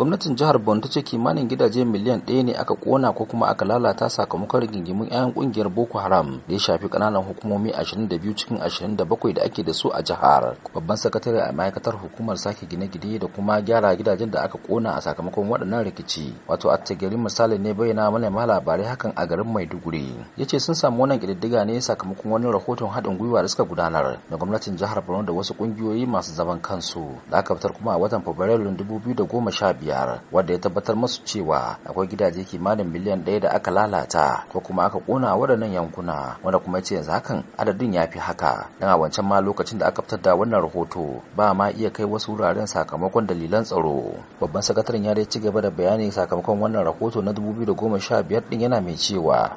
gwamnatin jihar borno ta ce kimanin gidaje miliyan ɗaya ne aka kona ko kuma aka lalata sakamakon rigingimun 'ya'yan kungiyar boko haram da ya shafi kananan hukumomi 22 cikin 27 da ake da su a jihar babban sakatare a ma'aikatar hukumar sake gine-gine da kuma gyara gidajen da aka kona a sakamakon waɗannan rikici wato a tagari misali ne bayyana manema labarai hakan a garin maiduguri ya ce sun samu wannan ƙididdiga ne sakamakon wani rahoton haɗin gwiwa da suka gudanar da gwamnatin jihar borno da wasu ƙungiyoyi masu zaman kansu da aka fitar kuma a watan fabrairun 2015 kungiyar wanda ya tabbatar masu cewa akwai gidaje kimanin miliyan daya da aka lalata ko kuma aka kona waɗannan yankuna wanda kuma ya ce yanzu hakan adadin ya fi haka dan a wancan ma lokacin da aka fitar da wannan rahoto ba ma iya kai wasu wuraren sakamakon dalilan tsaro babban sakataren ya dai ci gaba da bayani sakamakon wannan rahoto na 2015 ɗin yana mai cewa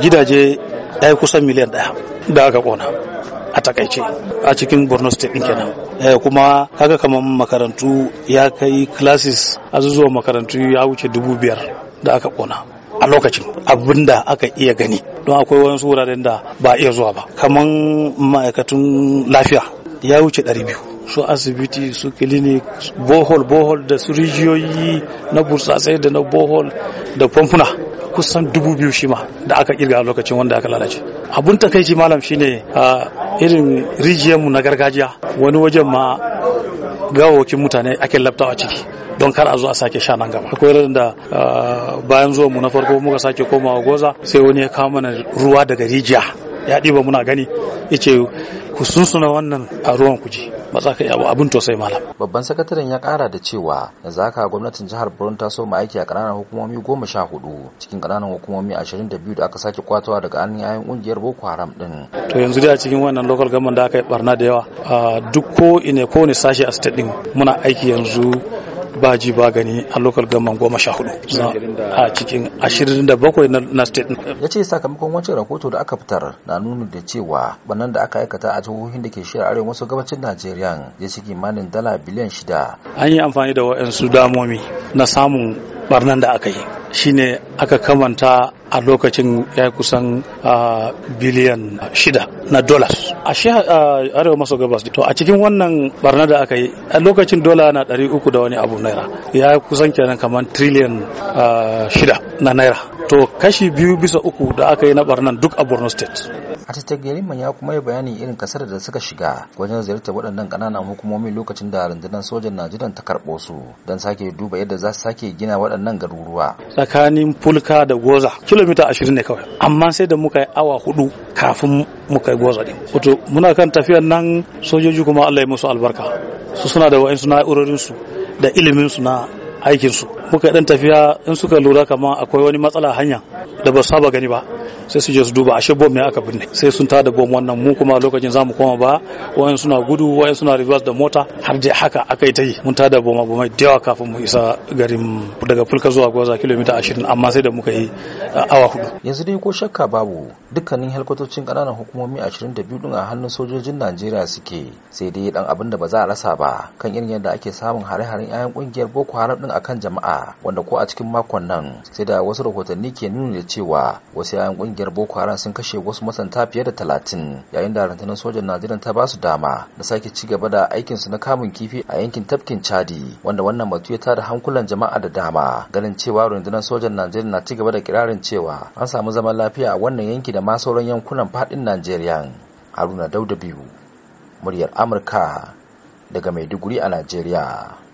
gidaje ya yi kusan miliyan ɗaya da aka kona a takaice a cikin borno state din kenan eh, kuma kaga kaman makarantu ya kai classes azuzuwan makarantu ya wuce dubu biyar da aka kona a lokacin abinda aka iya gani don akwai wasu wuraren da ba iya zuwa ba kaman ma'aikatun lafiya ya wuce ɗari biyu su asibiti su clinic bohol bohol da su rijiyoyi na burtsatsai da na bohol da famfuna kusan dubu biyu shi ma da aka kirga lokacin wanda aka lalace abun takaici malam shine a irin rijiyarmu na gargajiya wani wajen ma gawawakin mutane ake labtawa ciki don kar a zo a sake sha nan gaba akwai da bayan zuwan mu na farko muka sake komawa goza sai wani ya kama ruwa daga rijiya ya ɗiba muna gani ya ce ku sunsuna wannan a ruwan kuji ba za ka yi abin tosai malam. babban sakataren ya kara da cewa zaka gwamnatin jihar borno ta soma aiki a ƙananan hukumomi goma sha hudu cikin ƙananan hukumomi ashirin da biyu da aka sake kwatawa daga an yayin ƙungiyar boko haram ɗin. to yanzu dai a cikin wannan lokal government da aka yi barna da yawa duk ko ine ko ne sashe a state din muna aiki yanzu ba ji ba gani a local government goma sha hudu a cikin ashirin da bakwai na state ya ce sakamakon wancan rahoto da aka fitar na nuna da cewa banan da aka aikata a jihohin da ke shirya arewa wasu gabacin najeriya ya ciki kimanin dala biliyan shida an yi amfani da wayansu damomi na samun barnan da aka yi shine aka kamanta a lokacin ya kusan biliyan shida na dolar a arewa maso gabas to a cikin wannan barna da aka yi a lokacin dola na ɗari uku da wani abu naira ya kusan kenan kamar triliyan shida na naira to kashi biyu bisa uku da aka yi na barnan duk a borno state a tattagelima ya kuma yi bayani irin kasar da suka shiga wajen ziyartar waɗannan ƙananan hukumomi lokacin da rundunar sojan najeriya ta karɓo su don sake duba yadda za su sake gina waɗannan garuruwa tsakanin fulka da goza kilomita ashirin ne kawai amma sai da muka yi awa hudu kafin muka yi goza din wato muna kan tafiyar nan sojoji kuma allah ya musu albarka su suna da wa'in su na'urorinsu da iliminsu na aikinsu muka ɗan tafiya in suka lura kamar akwai wani matsala hanya da ba saba gani ba sai su je su duba ashe bom ne aka binne sai sun tada bom wannan mu kuma lokacin zamu koma ba wayan suna gudu wayan suna reverse da mota har je haka aka yi ta yi mun tada bom abu mai dawa kafin mu isa garin daga fulka zuwa gwaza kilomita 20 amma sai da muka yi awa hudu yanzu dai ko shakka babu dukkanin halkatocin kananan hukumomi 22 din a hannun sojojin Najeriya suke sai dai dan abin da ba za a rasa ba kan irin yadda ake samun hare-haren 'ya'yan kungiyar Boko Haram din akan jama'a wanda ko a cikin makon nan sai da wasu rahotanni ke nuna da cewa wasu 'ya'yan kungiyar boko haram sun kashe wasu masanta fiye da talatin yayin da rundunar sojan najeriya ta basu dama da sake ci gaba da aikin su na kamun kifi a yankin tafkin chadi wanda wannan batu ya tada hankulan jama'a da dama ganin cewa rundunar sojan najeriya na ci gaba da kirarin cewa an samu zaman lafiya a wannan yanki da ma sauran yankunan fadin najeriya haruna dauda biyu muryar amurka daga maiduguri a najeriya